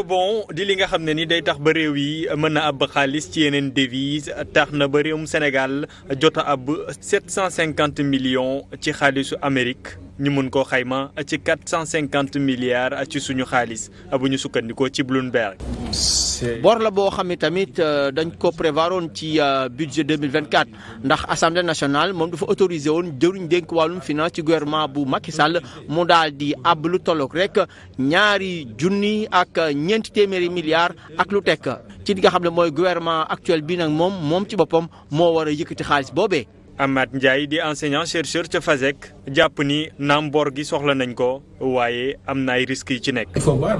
bon di li nga xam ne ni day tax ba réew yi mën a ab xaalis ci yeneen devise tax na ba mu Sénégal jot a ab 750 millions ci xaalisu Amérique ñu mun koo xayma ci quatre cent cinquante milliards ci suñu xaalis bu ñu sukkandikoo ci Bloomberg. bor la boo xam ne tamit euh, dañ ko prévoir woon ci euh, budget 2024 ndax assemblée nationale moom dafa autorisé woon jëruñ dénk wàllum finance ci gouvernement bu Macky Sall mu daal di ab lu tolloog rek ñaari junni ak ñeenti téeméeri milliards ak lu tekk ci li nga xam ne mooy gouvernement actuel bi nag moom moom ci boppam moo war a yëkkati xaalis boobee. Amath Ndiaye di enseignant chercheur ca FASEG jàpp ni naam bor gi soxla nañ ko waaye am na ay risques yi ci nekk. il faut voir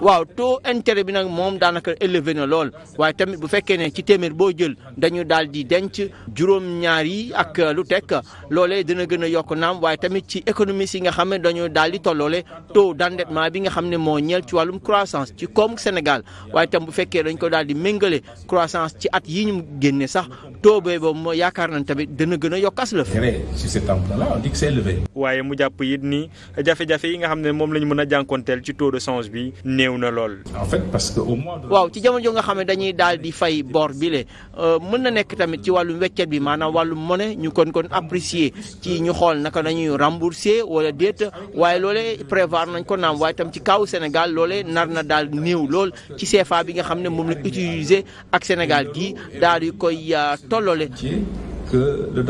waaw taux intérêt bi nag moom daanaka élevé na lool waaye tamit bu fekkee ne ci téeméer boo jël dañu daal di denc juróom-ñaar yi ak lu teg loole dana gën a yokk naam waaye tamit ci économistes yi nga xam ne dañoo daal di tolloole taux d'endettement bi nga xam ne moo ñeel ci wàllum croissance ci koomu Sénégal waaye tam bu fekkee dañ ko daal di méngale croissance ci at yi ñu génne sax taux boobu yaakaar tamit dina gën a yokk as lëf eh waaye mu jàpp it ni jafe-jafe yi nga xam ne moom la ñu mën a jànkonteel ci taux de change bi néew na lool. en fait parce que au moins. waaw ci jamono joo nga xam ne dañuy daal di fay bor bi le euh, mën na nekk tamit ci wàllum weccet bi maanaam wàllum monnaie ñu kon kon apprécier ci ñu xool naka nañuy rembourser wala déet waaye loolee prévoir nañ ko naam waaye tam ci kaw Sénégal loolee nar na daal néew lool ci CFA bi nga xam ne moom la utiliser que le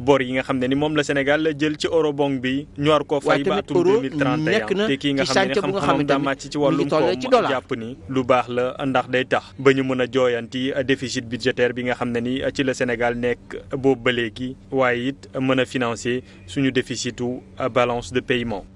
bor yi nga xam ne ni moom la Sénégal jël ci eurobond bi ñor koo fay ba atum 2031 te kii nga xam ne xam-xamam daa màcc ci wàllum koom jàpp ni lu baax la ndax day tax ba ñu mën a jooyanti déficit budgétaire bi nga xam ne ni ci la Sénégal nekk boobu ba léegi waaye it mën a financer suñu déficitu balance de paiement